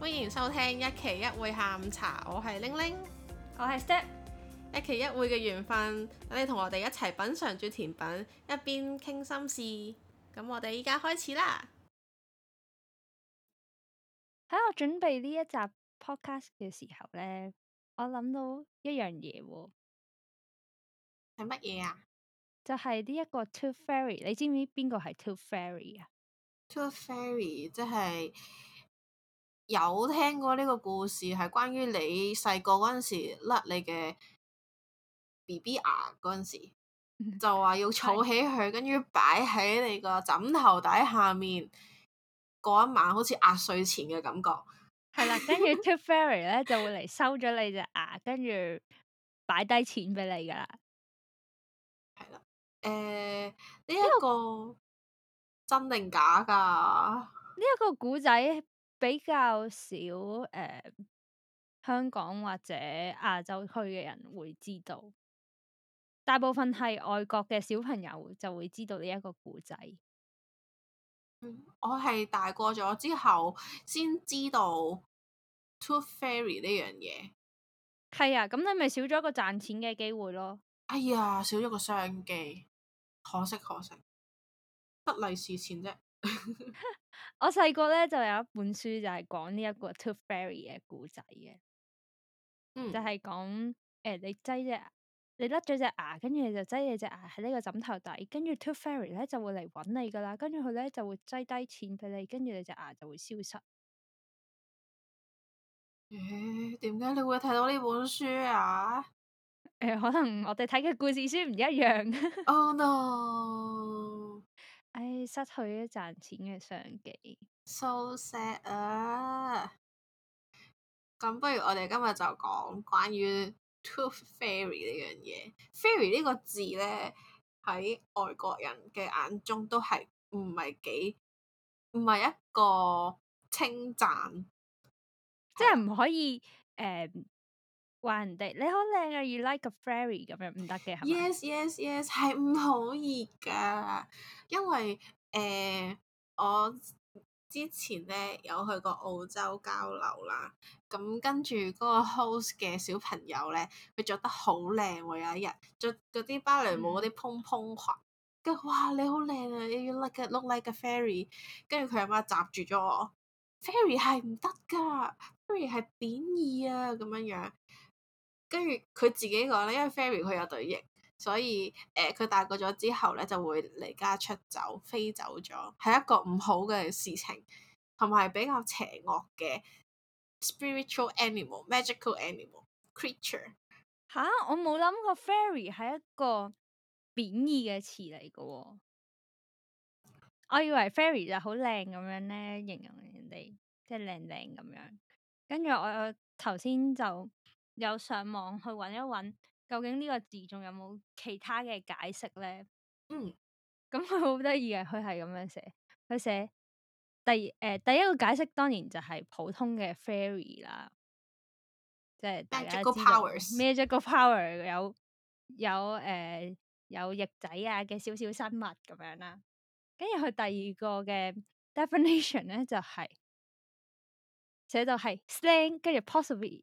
歡迎收聽一期一會下午茶，我係鈴鈴，我係 Step，一期一會嘅緣分，等你同我哋一齊品嘗住甜品，一邊傾心事。咁我哋依家開始啦。喺我準備呢一集 Podcast 嘅時候呢，我諗到一樣嘢喎。係乜嘢啊？就係呢一個 Tooth Fairy，你知唔知邊個係 Tooth Fairy 啊？Tooth Fairy 即係有聽過呢個故事，係關於你細個嗰陣時甩你嘅 B B 牙嗰陣時，就話要儲起佢，跟住擺喺你個枕頭底下面過一晚，好似壓歲錢嘅感覺。係 啦，跟住 Tooth Fairy 呢就會嚟收咗你隻牙，跟住擺低錢俾你噶啦。誒，呢一、欸這個、這個、真定假噶？呢一個古仔比較少誒、呃，香港或者亞洲區嘅人會知道，大部分係外國嘅小朋友就會知道呢一個古仔、嗯。我係大個咗之後先知道 tooth fairy 呢樣嘢。係啊，咁你咪少咗一個賺錢嘅機會咯。哎呀，少咗個商機。可惜可惜，不利是錢啫。我細個咧就有一本書就係講呢一個 tooth fairy 嘅故仔嘅，嗯、就係講誒，你擠隻你甩咗隻牙，跟住你就擠你隻牙喺呢個枕頭底，跟住 tooth fairy 咧就會嚟揾你噶啦，跟住佢咧就會擠低錢畀你，跟住你隻牙就會消失。咦、欸？點解你會睇到呢本書啊？可能我哋睇嘅故事書唔一樣。Oh no！唉，失去咗賺錢嘅商機，so sad 啊！咁不如我哋今日就講關於 tooth fairy 呢樣嘢。fairy 呢個字咧，喺外國人嘅眼中都係唔係幾，唔係一個稱讚，即係唔可以誒。呃話人哋你好靚啊，You like a fairy 咁樣唔得嘅係咪？Yes yes yes，係唔可以㗎，因為誒、呃、我之前咧有去過澳洲交流啦，咁、嗯、跟住嗰個 host 嘅小朋友咧，佢着得好靚喎，有一日着嗰啲芭蕾舞嗰啲蓬蓬裙，跟住，哇，你好靚啊，You look look like a fairy，跟住佢阿媽襲住咗我，fairy 係唔得㗎，fairy 係貶義啊咁樣樣。跟住佢自己講咧，因為 fairy 佢有對翼，所以誒佢大個咗之後咧就會離家出走，飛走咗，係一個唔好嘅事情，同埋比較邪惡嘅 spiritual animal, Mag animal、magical animal creature。吓，我冇諗過 fairy 係一個貶義嘅詞嚟嘅，我以為 fairy 就好靚咁樣咧，形容人哋即係靚靚咁樣。跟住我頭先就，有上網去揾一揾，究竟呢個字仲有冇其他嘅解釋咧？嗯， 嗯，咁佢好得意嘅，佢係咁樣寫，佢寫第誒、呃、第一個解釋當然就係普通嘅 fairy 啦，即係大家知道 magic ical Magical power 有有誒、呃、有翼仔啊嘅少少生物咁樣啦。跟住佢第二個嘅 definition 咧就係寫到係 slang，跟住 possibly。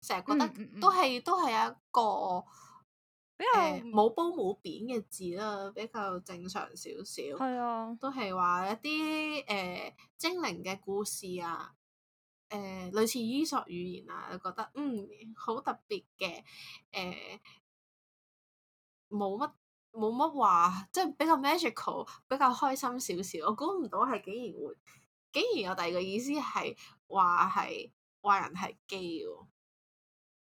成日覺得都係、嗯嗯、都係一個比較冇褒冇貶嘅字啦，比較正常少少。係啊、嗯，都係話一啲誒、呃、精靈嘅故事啊，誒、呃、類似伊索語言啊，覺得嗯好特別嘅誒，冇乜冇乜話即係、就是、比較 magical，比較開心少少。我估唔到係竟然會，竟然有第二個意思係話係話人係基 a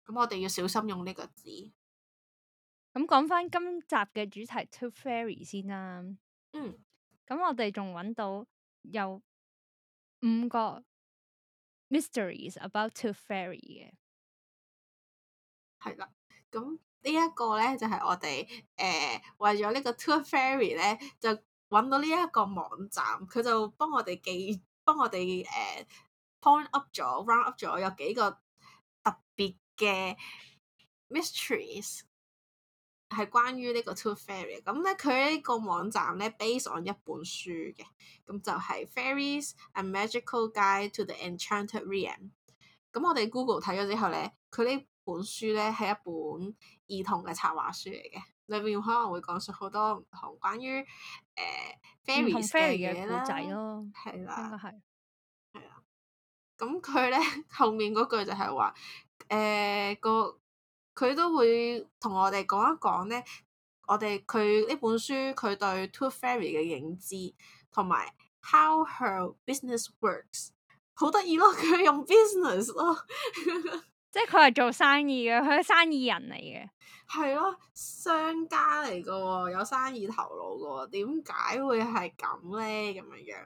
咁我哋要小心用呢個字。咁講翻今集嘅主題 Tooth Fairy 先啦。嗯。咁我哋仲搵到有五個 mysteries about Tooth Fairy 嘅。係啦。咁呢一個咧就係我哋誒為咗呢個 Tooth Fairy 咧，就搵到呢一個網站，佢就幫我哋記，幫我哋誒、呃、point up 咗，round up 咗，有幾個。嘅 mysteries 係關於個呢個 two fairy 咁咧，佢呢個網站咧 based on 一本書嘅，咁就係、是《Fairies and Magical Guide to the Enchanted Realm》。咁我哋 Google 睇咗之後咧，佢呢本書咧係一本兒童嘅插畫書嚟嘅，裏面可能會講述好多唔同關於誒 fairies 嘅嘅故仔咯，係、呃、一啦，係係啊。咁佢咧後面嗰句就係話。誒、呃、個佢都會同我哋講一講咧，我哋佢呢本書佢對 tooth fairy 嘅認知，同埋 how her business works，好得意咯，佢用 business 咯、哦， 即係佢係做生意嘅，佢係生意人嚟嘅，係咯、啊，商家嚟噶喎，有生意頭腦噶喎，點解會係咁咧？咁樣。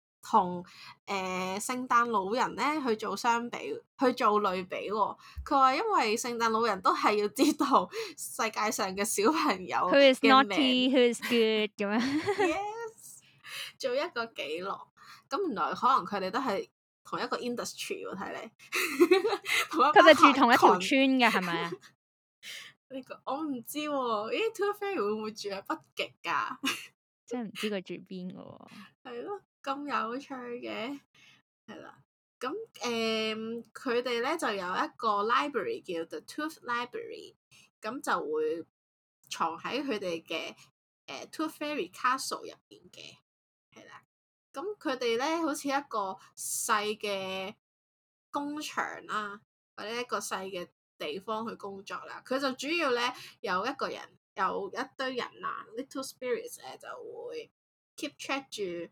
同誒聖誕老人咧去做相比，去做類比、哦。佢話因為聖誕老人都係要知道世界上嘅小朋友嘅名，who is naughty, 好 who is good 咁樣，yes, 做一個記錄。咁原來可能佢哋都係同一個 industry，睇、哦、嚟。佢哋 一班 住同一條村嘅係咪啊？呢個我唔知，咦 tooth fairy 會唔會住喺北極噶？真係唔知佢住邊個。係咯。咁有趣嘅。係啦，咁誒，佢哋咧就有一個 library, 叫做 library 叫 The Tooth Library，咁就會藏喺佢哋嘅誒、欸、Tooth Fairy Castle 入邊嘅，係啦，咁佢哋咧好似一個細嘅工場啦、啊，或者一個細嘅地方去工作啦、啊，佢就主要咧有一個人，有一堆人啦、啊、，Little Spirits 誒、啊、就會 keep track 住。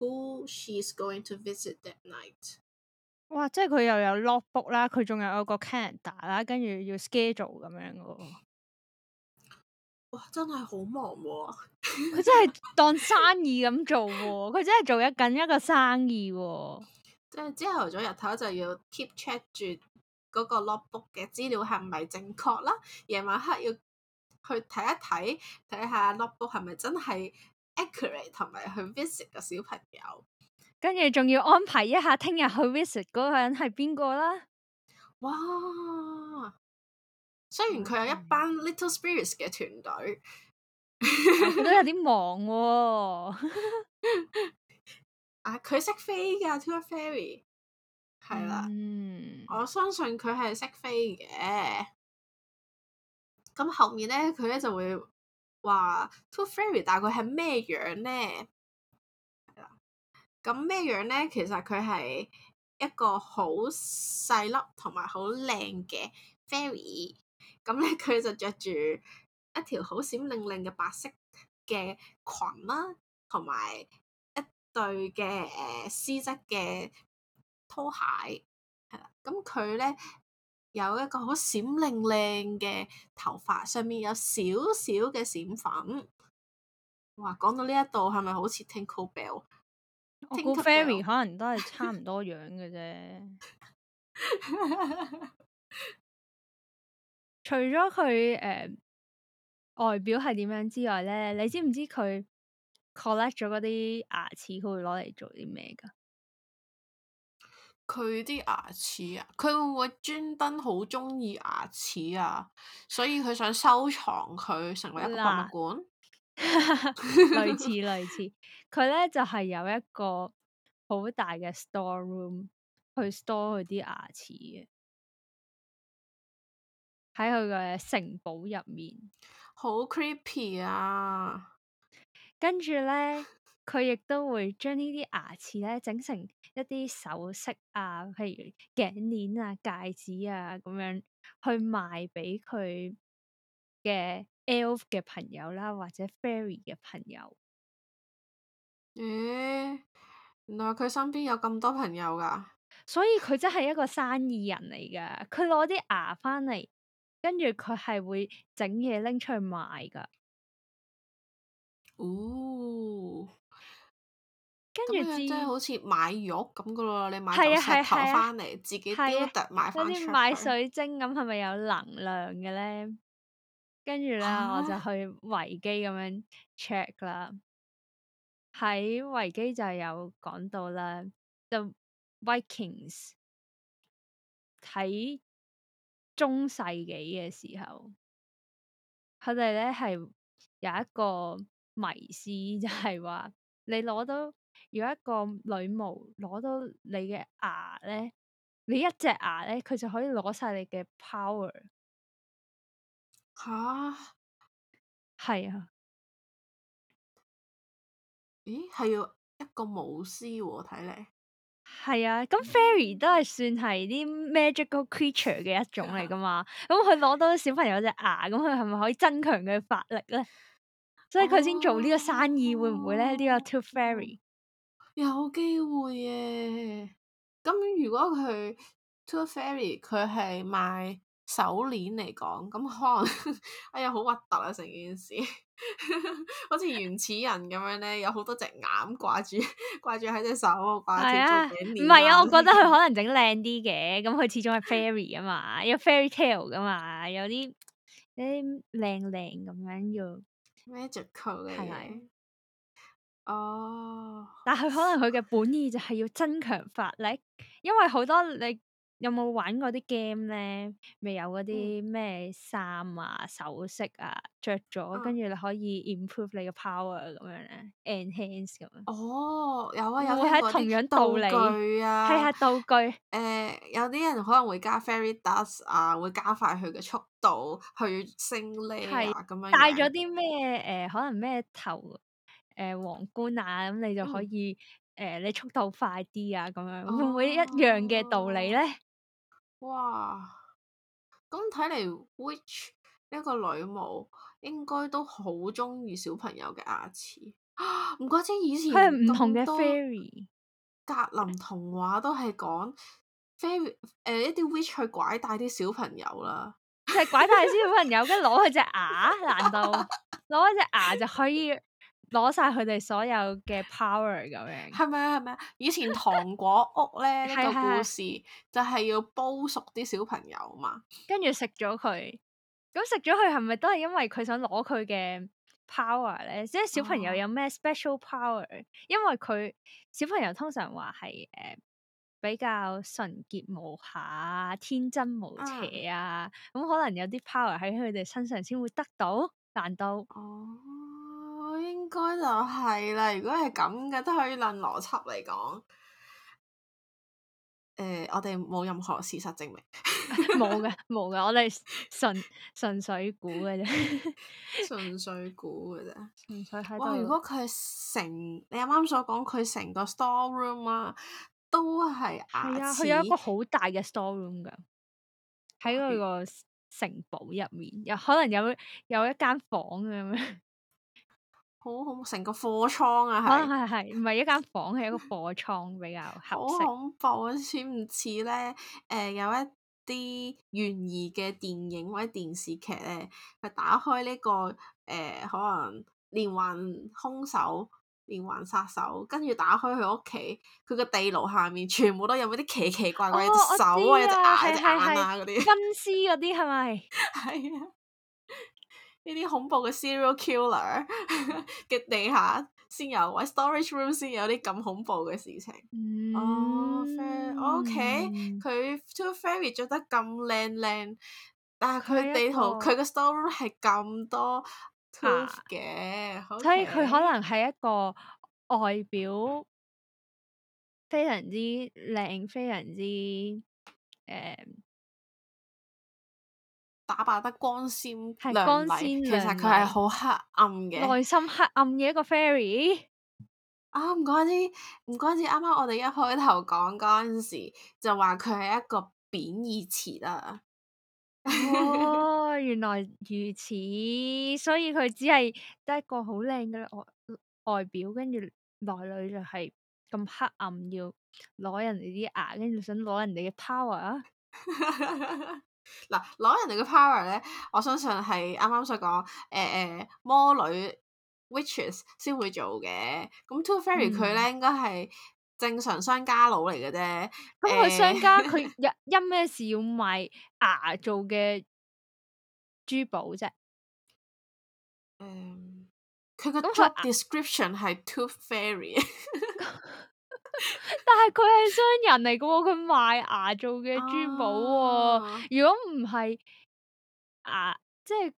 Who she is going to visit that night？哇！即係佢又有 logbook 啦，佢仲有有個 calendar 啦，跟住要 schedule 咁樣喎。哇！真係好忙喎、啊，佢 真係當生意咁做喎、啊，佢真係做一緊一個生意、啊。即係朝頭早日頭就要 keep check 住嗰個 logbook 嘅資料係咪正確啦？夜晚黑要去睇一睇，睇下 logbook 係咪真係？accurate 同埋去 visit 嘅小朋友，跟住仲要安排一下聽日去 visit 嗰個人係邊個啦。哇！雖然佢有一班 little spirits 嘅團隊，都有啲忙喎。 啊，佢識、哦 啊、飛噶 tooth fairy 係啦。嗯，我相信佢係識飛嘅。咁後面咧，佢咧就會。話 tooth fairy 大概係咩樣咧？係啦，咁咩樣咧？其實佢係一個好細粒同埋好靚嘅 fairy，咁咧佢就着住一條好閃令令嘅白色嘅裙啦，同埋一對嘅誒、呃、絲質嘅拖鞋，係啦，咁佢咧。有一個好閃亮亮嘅頭髮，上面有少少嘅閃粉。哇，講到呢一度係咪好似 Tinkle Bell？我估 Fairy 可能都係差唔多樣嘅啫。 除咗佢誒外表係點樣之外咧，你知唔知佢 collect 咗嗰啲牙齒，佢會攞嚟做啲咩噶？佢啲牙齒啊，佢會唔會專登好中意牙齒啊？所以佢想收藏佢成為一個博物館， 類似類似。佢咧 就係、是、有一個好大嘅 store room 去 store 佢啲牙齒嘅，喺佢嘅城堡入面，好 creepy 啊！跟住咧。佢亦都會將呢啲牙齒咧整成一啲首飾啊，譬如頸鏈啊、戒指啊咁樣去賣俾佢嘅 elf 嘅朋友啦，或者 fairy 嘅朋友。誒，原來佢身邊有咁多朋友㗎。所以佢真係一個生意人嚟㗎。佢攞啲牙返嚟，跟住佢係會整嘢拎出去賣㗎。哦。跟住真好似買玉咁噶咯，的你買石頭行翻嚟，的自己雕一凸買翻的出去。嗰啲買水晶咁係咪有能量嘅咧？跟住咧，啊、我就去維基咁樣 check 啦。喺維基就有講到啦，就 Vikings 喺中世紀嘅時候，佢哋咧係有一個迷思，就係、是、話你攞到。 如果一個女巫攞到你嘅牙咧，你一隻牙咧，佢就可以攞晒你嘅 power。吓，係啊，啊咦，係要一個巫師喎、哦？睇嚟係啊，咁 fairy 都係算係啲 magical creature 嘅一種嚟噶嘛？咁佢攞到小朋友隻牙，咁佢係咪可以增強佢嘅法力咧？所以佢先做呢個生意，oh, 會唔會咧？呢、這個 tooth fairy。有機會耶！咁如果佢 tooth fairy 佢係賣手鏈嚟講，咁可能 哎呀好核突啊成件事， 好似原始人咁樣咧，有好多隻眼掛住掛住喺隻手，掛住做手鏈。唔係啊，啊啊樣我覺得佢可能整靚啲嘅，咁佢始終係 fairy 啊嘛，有 fairy tale 噶嘛，有啲有啲靚靚咁樣要 magical 嘅係咪？哦，oh. 但佢可能佢嘅本意就係要增強法力，因為好多你有冇玩過啲 game 咧？咪有嗰啲咩衫啊、首飾啊，着咗、oh. 跟住你可以 improve 你嘅 power 咁樣咧，enhance 咁、啊、樣。哦，oh, 有啊，有啊，喺同樣道理啊，係啊，啊，道具。誒、呃，有啲人可能會加 fairy dust 啊，會加快佢嘅速度去升 level 咁樣。戴咗啲咩？誒、呃，可能咩頭？誒、呃，皇冠啊，咁你就可以誒、嗯呃，你速度快啲啊，咁樣會唔會一樣嘅道理咧、哦？哇！咁睇嚟，witch 一個女巫應該都好中意小朋友嘅牙齒唔、啊、怪知以前佢係唔同嘅 fairy 格林童話都係講 fairy 誒、呃，一啲 witch 去拐帶啲小朋友啦，就係拐帶啲小朋友跟住攞佢隻牙，難道攞佢隻牙就可以？攞晒佢哋所有嘅 power 咁樣，係咪啊？係咪啊？以前糖果屋呢個 故事就係要煲熟啲小朋友嘛，跟住食咗佢，咁食咗佢係咪都係因為佢想攞佢嘅 power 咧？即係小朋友有咩 special power？哦、因為佢小朋友通常話係誒比較純潔無瑕、天真無邪啊，咁、嗯、可能有啲 power 喺佢哋身上先會得到，但都。哦。應該就係啦。如果係咁嘅，都可以論邏輯嚟講。誒、呃，我哋冇任何事實證明，冇 嘅、啊，冇嘅。我哋純純粹估嘅啫， 純粹估嘅啫。 純粹係。如果佢成，你啱啱所講，佢成個 store room 啊，都係牙齒啊，佢有一個好大嘅 store room 嘅，喺佢個城堡入面，有可能有有一間房咁樣。 好恐怖，成個貨倉啊，係，可能係係，唔係一間房間，係一個貨倉比較合適。好 恐怖啊，似唔似咧？誒、呃，有一啲懸疑嘅電影或者電視劇咧，佢打開呢、這個誒、呃，可能連環兇手、連環殺手，跟住打開佢屋企，佢個地牢下面全部都有嗰啲奇奇怪怪嘅手、哦、啊，有隻眼、隻眼啊嗰啲，殭屍嗰啲係咪？係啊。呢啲恐怖嘅 serial killer 嘅地下先有，或者 storage room 先有啲咁恐怖嘅事情。哦、mm，我屋企佢 tooth fairy 著得咁靚靚，但係佢地圖佢嘅 storage room 係咁多 tooth、okay. 嘅、啊，所以佢可能係一個外表非常之靚，非常之誒。Um, 打扮得光鮮亮麗，光其實佢係好黑暗嘅。內心黑暗嘅一個 fairy、啊。啊唔該，唔該，唔該，唔啱啱我哋一開頭講嗰陣時就話佢係一個貶義詞啦、啊。哦， 原來如此，所以佢只係得一個好靚嘅外外表，跟住內裏就係咁黑暗，要攞人哋啲牙，跟住想攞人哋嘅 power。 嗱，攞人哋嘅 power 咧，我相信係啱啱所講，誒、呃、誒，魔女 witches 先會做嘅。咁 tooth fairy 佢咧、嗯、應該係正常商家佬嚟嘅啫。咁佢商家佢因咩事要賣牙做嘅珠寶啫？誒、嗯，佢個 description 係 tooth fairy。 但係佢係商人嚟嘅、哦，佢賣牙做嘅珠寶喎、哦啊啊。如果唔係牙，即係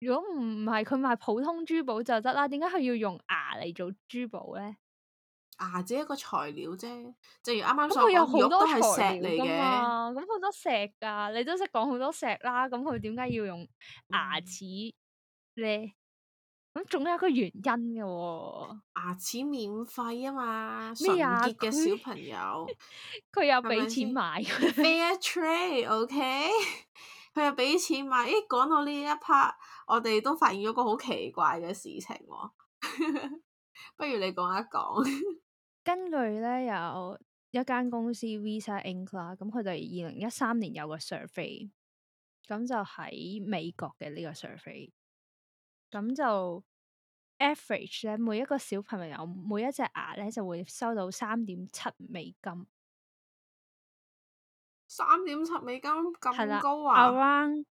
如果唔係佢賣普通珠寶就得啦。點解佢要用牙嚟做珠寶咧？牙只係一個材料啫，正如啱啱咁，佢有好多石嚟噶嘛。咁好多石噶，你都識講好多石啦、啊。咁佢點解要用牙齒咧？嗯咁總有一個原因嘅喎、哦，牙齒免費啊嘛，純潔嘅小朋友，佢 又俾錢買咩 fair trade，OK，佢又俾錢買。咦，講到呢一 part，我哋都發現咗個好奇怪嘅事情、哦。 不如你講一講。 根據咧有一間公司 Visa Inc 啦，咁佢哋二零一三年有個 survey，咁就喺美國嘅呢個 survey。咁就 average 咧，verage, 每一個小朋友，每一隻牙咧，就會收到三點七美金，三點七美金咁高啊！around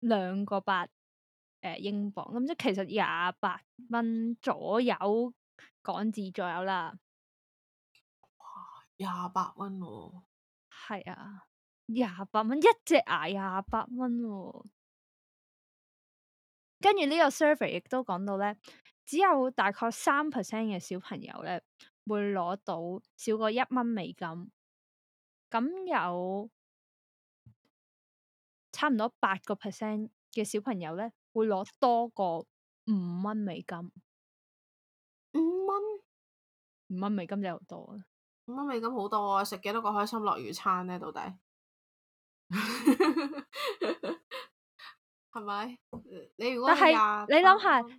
兩個八、呃、英鎊，咁即係其實廿八蚊左右港紙左右啦。哇！廿八蚊喎，係啊，廿八蚊一隻牙、哦，廿八蚊喎。跟住呢個 survey 亦都講到咧，只有大概三 percent 嘅小朋友咧會攞到少過一蚊美金，咁有差唔多八個 percent 嘅小朋友咧會攞多過五蚊美金。五蚊五蚊美金就幾多？多啊？五蚊美金好多啊！食幾多個開心樂園餐咧？到底？ 係咪？你如果但你諗下、嗯、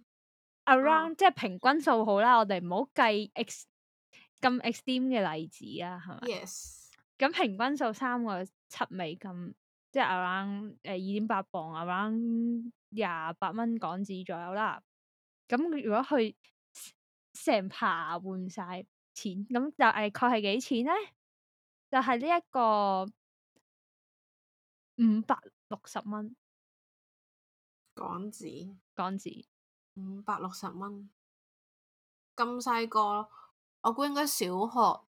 around 即係平均數好啦，嗯、我哋唔好計 x ex, 咁 extreme 嘅例子啊。係咪？Yes。咁平均數三個七美金咁，即係 around 誒二點八磅，around 廿八蚊港紙左右啦。咁如果去成排換晒錢，咁就大概係幾錢咧？就係呢一個五百六十蚊。港紙，港紙元五百六十蚊，咁細個，我估應該小學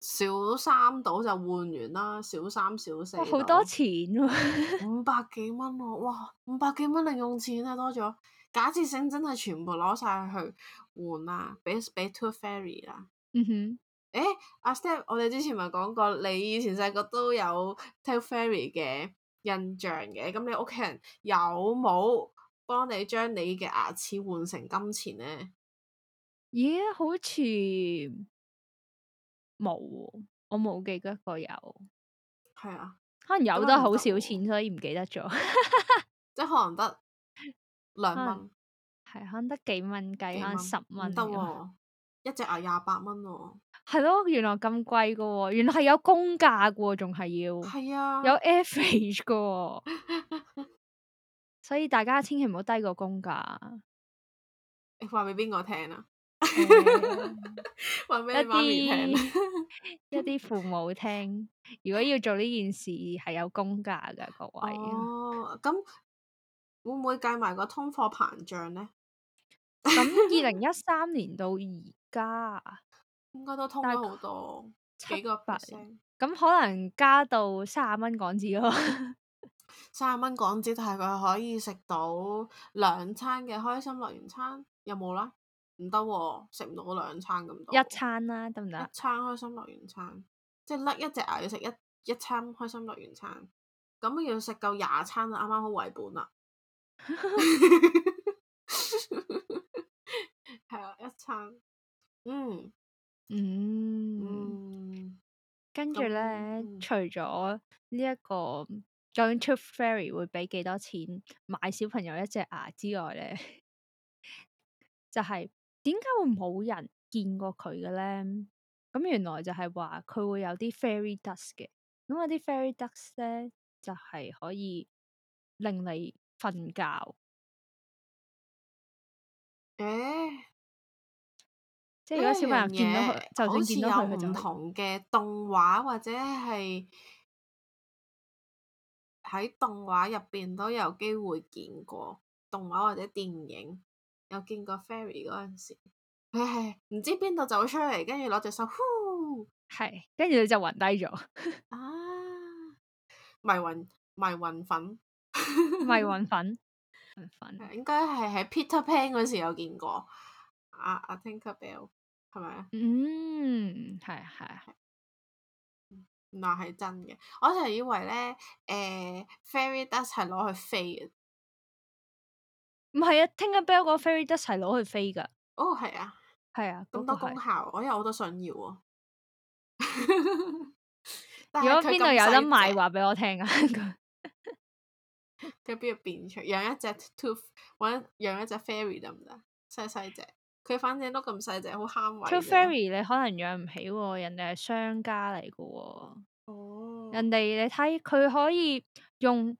小三度就換完啦，小三,小,三小四，好多錢、啊， 五百幾蚊咯，哇，五百幾蚊零用錢啊，多咗，假設性真係全部攞晒去換啊，俾俾 tooth fairy 啦，嗯哼，誒、欸，阿 step，我哋之前咪講過，你以前細個都有 tooth fairy 嘅。印象嘅，咁你屋企人有冇幫你將你嘅牙齒換成金錢咧？咦，yeah，好似冇，我冇記得過有。係啊，可能有得好少錢，所以唔記得咗。即係可能得兩蚊，係可能得幾蚊雞，可能十蚊得，一隻牙廿八蚊喎。係咯，原來咁貴噶，原來係有公價噶，仲係要，係啊，有 average 噶、哦， 所以大家千祈唔好低過公價。你話俾邊個聽啊？話俾媽咪聽一，一啲父母聽。如果要做呢件事，係有公價噶，各位。哦，咁會唔會計埋個通貨膨脹咧？咁二零一三年到而家。 應該都通咗好多是700，幾個 percent 咁可能加到三十蚊港紙咯。三十蚊港紙大概可以食到兩餐嘅開心樂園餐，有冇啦？唔得，哦，食唔到兩餐咁多。一餐啦，啊，得唔得？一餐開心樂園餐，即係甩一隻牙要食一一餐開心樂園餐，咁要食夠廿餐就啱啱好維本啦。係啊， 一餐，嗯。嗯，嗯跟住咧，嗯、除咗呢一個 Tooth Fairy 會俾幾多錢買小朋友一隻牙之外咧， 就係點解會冇人見過佢嘅咧？咁原來就係話佢會有啲 Fairy Dust 嘅，咁啊啲 Fairy Dust 呢就係、是、可以令你瞓覺。呃即如果小朋友見到佢就，就好似有唔同嘅動畫或者係喺動畫入邊都有機會見過動畫或者電影，有見過 fairy 嗰陣時，佢係唔知邊度走出嚟，跟住攞隻手呼，係跟住你就暈低咗啊！迷魂迷魂粉 迷魂粉粉 應該係喺 Peter Pan 嗰時有見過啊啊 Tinker Bell。係咪？嗯，係啊，係啊，原來係真嘅。我成日以為呢誒、呃、fairy dust 係攞去飛嘅，唔係啊，Tinker Bell 個 fairy dust 係攞去飛噶。哦，係啊，係啊，咁、那個、多功效，我有好多想要啊。 但是 如果邊度有，有得賣，話俾我聽啊。喺邊度變出，養一隻 tooth，或者養一隻 fairy 得唔得？細細隻。佢反正都咁細隻，好慳位。Tooth fairy，你可能養唔起喎、哦，人哋係商家嚟噶喎。哦。Oh. 人哋你睇，佢可以用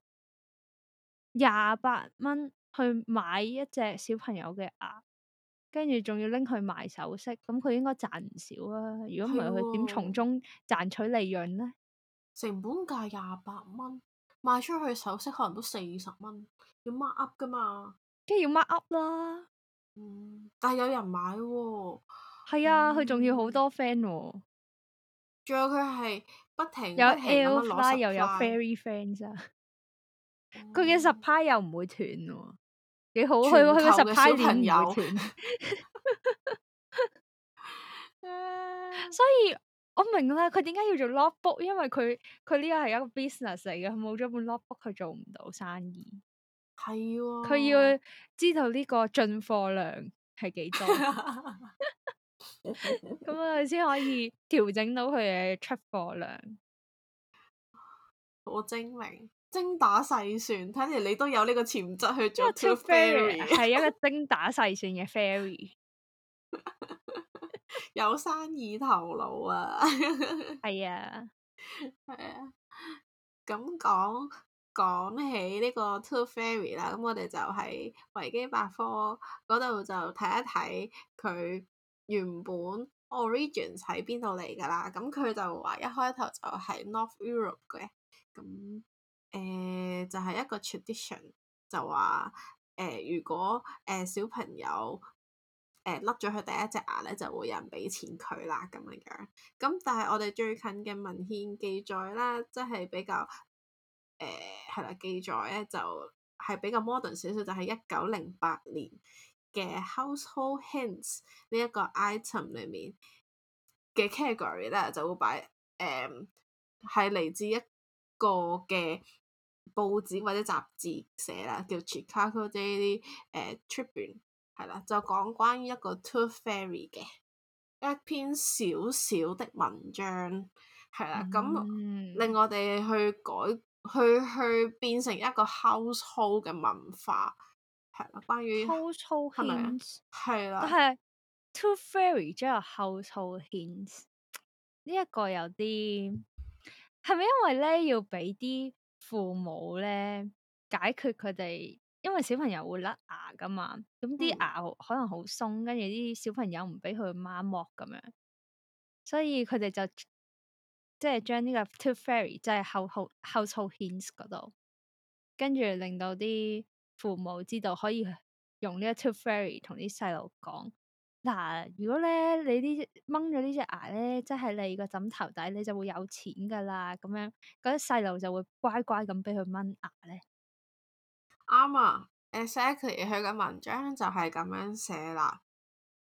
廿八蚊去買一隻小朋友嘅牙，跟住仲要拎去賣首飾，咁佢應該賺唔少啊。如果唔係，佢點從中賺取利潤咧？成本價廿八蚊，賣出去首飾可能都四十蚊，要 mark up 噶嘛？梗係要 mark up 啦。嗯，但係有人買喎、哦，係啊，佢仲、嗯、要好多 friend，仲、哦、有佢係不停，不停有 L，El 又有 fairy friends，啊。佢嘅 supply 又唔會斷、哦，幾好，佢佢嘅 supply 點會斷，所以我明啦，佢點解要做 logbook？因為佢佢呢個係一個 business 嚟嘅，冇咗本 logbook，佢做唔到生意。係佢要知道呢個進貨量係幾多，咁啊佢先可以調整到佢嘅出貨量。好精明，精打細算，睇嚟你都有呢個潛質去做。Fairy 係一個精打細算嘅 fairy， 有生意頭腦啊！ 係啊，係啊， 咁講。講起呢個 Tooth Fairy 啦，咁我哋就喺維基百科嗰度就睇一睇佢原本 Origins 喺邊度嚟噶啦。咁佢就話一開頭就係 North Europe 嘅，咁誒、呃、就係、是、一個 tradition 就話誒、呃、如果誒、呃、小朋友誒甩咗佢第一隻牙咧，就會有人俾錢佢啦咁樣樣。咁但係我哋最近嘅文獻記載啦，即、就、係、是、比較。誒，係啦、uh，記載咧就係、是、比較 modern 少少，就係一九零八年嘅 Household Hints 呢一 個 item 裏面嘅 category 咧，就會擺誒係嚟自一個嘅報紙或者雜誌寫啦，叫 Chicago Daily 誒、呃、Tribune，係啦，就講關於一個 tooth fairy 嘅一篇小小的文章，係啦，咁、嗯、令我哋去改。去去變成一個 household 嘅文化，係啦，關於 household hint，係啦，係 tooth fairy 將個 household hint 呢一個有啲係咪因為咧要俾啲父母咧解決佢哋，因為小朋友會甩牙噶嘛，咁啲牙可能好鬆，跟住啲小朋友唔俾佢抹，咁樣，所以佢哋就。即係將呢個 tooth fairy 即係 household hints 嗰度，跟住令到啲父母知道可以用呢個 tooth fairy 同啲細路講嗱，如果咧你隻呢掹咗呢隻牙咧，即係你個枕頭底你就會有錢噶啦，咁樣嗰啲細路就會乖乖咁俾佢掹牙咧。啱啊，Exactly，佢嘅文章就係咁樣寫啦。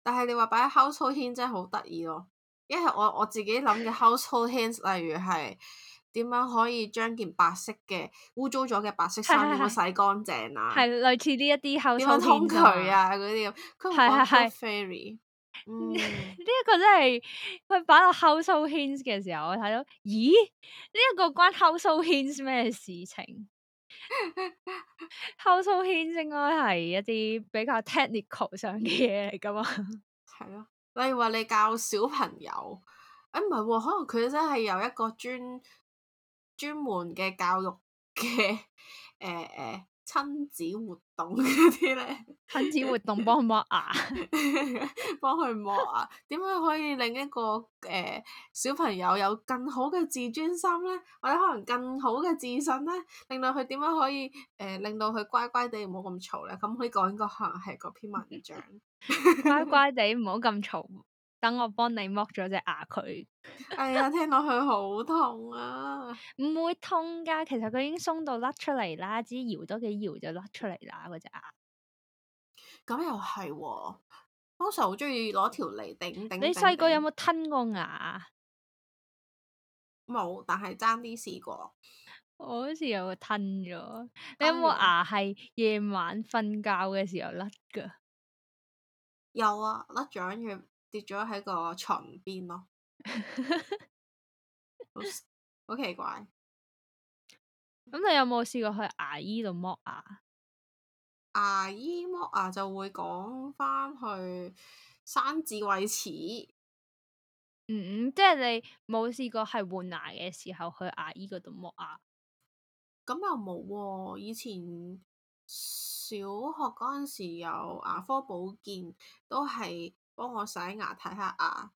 但係你話擺喺 household hints 真係好得意咯。因為我我自己諗嘅 household hands，例如係點樣可以將件白色嘅污糟咗嘅白色衫點樣洗乾淨啊？係類似呢一啲 householdhands 嘅啊，嗰啲咁。佢係係係。Fairy，呢一個真係佢擺落 household hands 嘅時候，我睇到咦？呢一個關 household hands 咩事情？household hands 應該係一啲比較 technical 上嘅嘢嚟㗎嘛？係咯。例如話你教小朋友，誒，唔係，可能佢真係有一個專專門嘅教育嘅、誒誒親子活動嗰啲咧，親子活動幫剝牙，幫佢剝牙，點樣可以令一個誒、欸、小朋友有更好嘅自尊心咧，或者可能更好嘅自信咧，令到佢點樣可以誒、欸、令到佢乖乖地唔好咁嘈咧，咁可以講應該可能係嗰篇文章。 乖乖哋，唔好咁嘈。等我幫你剝咗隻牙佢。 哎呀，聽落去好痛啊！唔 會痛噶，其實佢已經鬆到甩出嚟啦，只要搖多幾搖就甩出嚟啦。嗰隻牙咁又係、哦，當時好中意攞條脷頂頂。你細個有冇吞過牙啊？冇，但係爭啲試過。我好似有吞咗。嗯、你有冇牙係夜晚瞓覺嘅時候甩噶？有啊，甩咗，跟住跌咗喺個床邊咯、 嗯，好奇怪。咁你有冇試過去牙醫度剝牙？牙醫剝牙就會講返去生智慧齒。嗯，即係你冇試過係換牙嘅時候去牙醫嗰度剝牙。咁、嗯嗯、又冇喎、啊，以前。小學嗰陣時有牙科保健，都係幫我洗牙、睇下牙。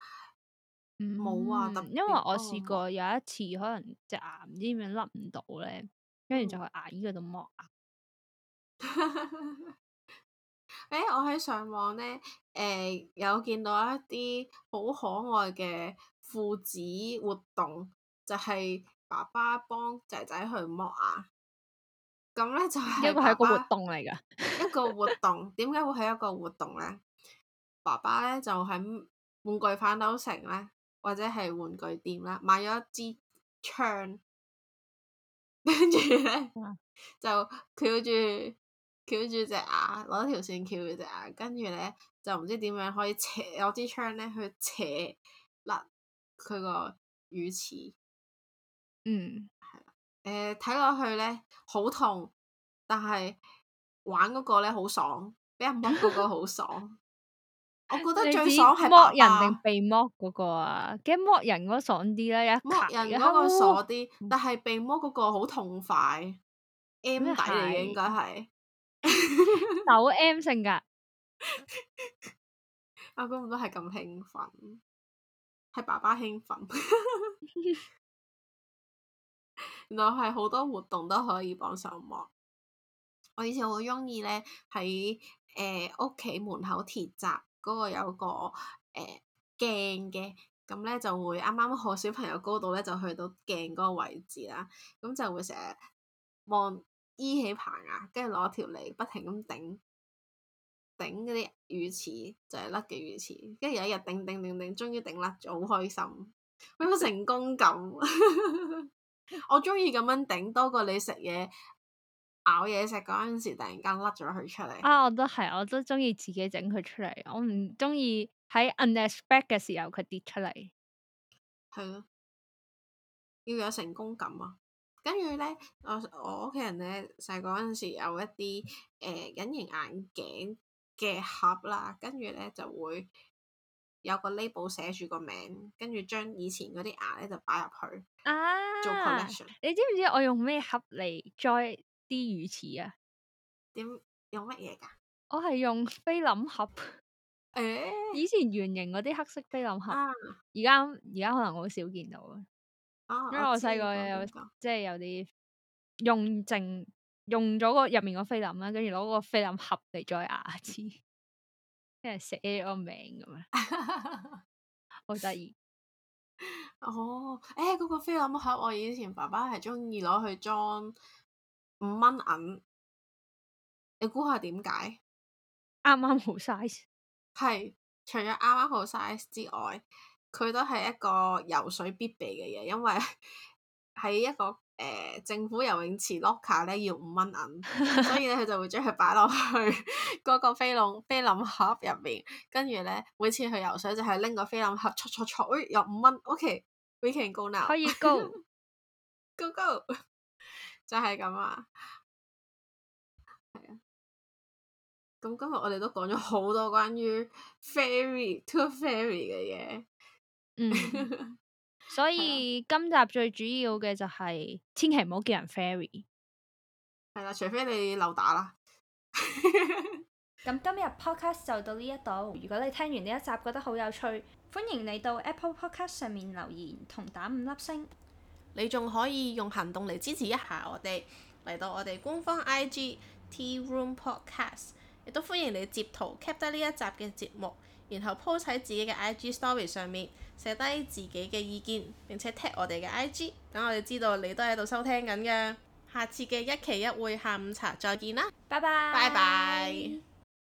冇話、嗯啊、特別因為我試過有一次，可能隻牙唔知點樣甩唔到咧，跟住就去牙醫嗰度剝牙。誒、 欸，我喺上網咧，誒、呃、有見到一啲好可愛嘅父子活動，就係、是、爸爸幫仔仔去剝牙。咁呢就係一個係一個活動嚟噶， 一個活動點解會係一個活動呢？爸爸呢就喺玩具反斗城呢，或者係玩具店啦，買咗一支槍，跟住呢就翹住翹住隻牙，攞條線翹住隻牙。跟住呢就唔知點樣可以扯攞支槍呢去扯甩佢個乳齒，嗯。誒睇落去咧好痛，但係玩嗰個咧好爽，俾人剝嗰個好爽。 我覺得最爽係剝人定被剝嗰個啊！驚剝人嗰爽啲啦，一剝人嗰個爽啲，嗯、但係被剝嗰個好痛快。 M 底嚟嘅應該係有 M 性格。阿公都係咁興奮，係爸爸興奮。 原來係好多活動都可以幫手忙。我以前好中意，咧喺誒屋企門口鐵閘嗰個有個誒鏡嘅，咁、呃、咧就會啱啱學小朋友高度咧就去到鏡嗰個位置啦，咁就會成日望依起棚牙，跟住攞條脷不停咁頂頂嗰啲乳齒，就係甩嘅乳齒。跟住有一日頂頂頂頂，終於頂甩咗，好開心，有冇 成功感？ 我中意咁樣頂多過你食嘢咬嘢食嗰陣時，突然間甩咗佢出嚟。啊，我都係，我都中意自己整佢出嚟。我唔中意喺 unexpected 嘅時候佢跌出嚟。係咯，啊，要有成功感啊！跟住咧，我我屋企人咧細個陣時有一啲誒隱形眼鏡嘅盒啦，跟住咧就會。有個 label 寫住個名，跟住將以前嗰啲牙咧就擺入去啊，做 collection。你知唔知我用咩盒嚟裝啲乳齒啊？點用乜嘢㗎？我係用菲林盒。誒、欸，以前圓形嗰啲黑色菲林盒，而家而家可能好少見到啊。因為我細個有即係有啲用剩，用咗個入面嗰菲林啦，跟住攞個菲林盒嚟裝牙齒。即係寫我名咁啊，好得意。哦、 oh, 欸，唉，嗰個菲林木盒，我以前爸爸係中意攞去裝五蚊銀。你估下點解？啱啱好 size。係， 除咗啱啱好 size 之外，佢都係一個游水必備嘅嘢，因為係一個。誒、呃，政府游泳池 locker 咧要五蚊銀， 所以咧佢就會將佢擺落去嗰個菲籠菲林 盒入面。跟住咧每次去游水就係拎個菲林盒，錯錯錯，哎，有五蚊 OK、okay, we can go now 可以 go go go， 就係咁啊，係啊，咁今日我哋都講咗好多關於 fairy to fairy 嘅嘢，嗯 所以、啊、今集最主要嘅就係、是，千祈唔好叫人 fairy 係啦，除非你漏打啦。咁 今日 podcast 就到呢一度。如果你聽完呢一集覺得好有趣，歡迎你到 Apple Podcast 上面留言同打五粒星。你仲可以用行動嚟支持一下我哋，嚟到我哋官方 IG Tea Room Podcast。亦都歡迎你截圖 kept 得呢一集嘅節目，然後 post 喺自己嘅 IG Story 上面。寫低自己嘅意見，並且 tag 我哋嘅 IG，等我哋知道你都喺度收聽緊㗎。下次嘅一期一會下午茶再見啦，拜拜。拜拜。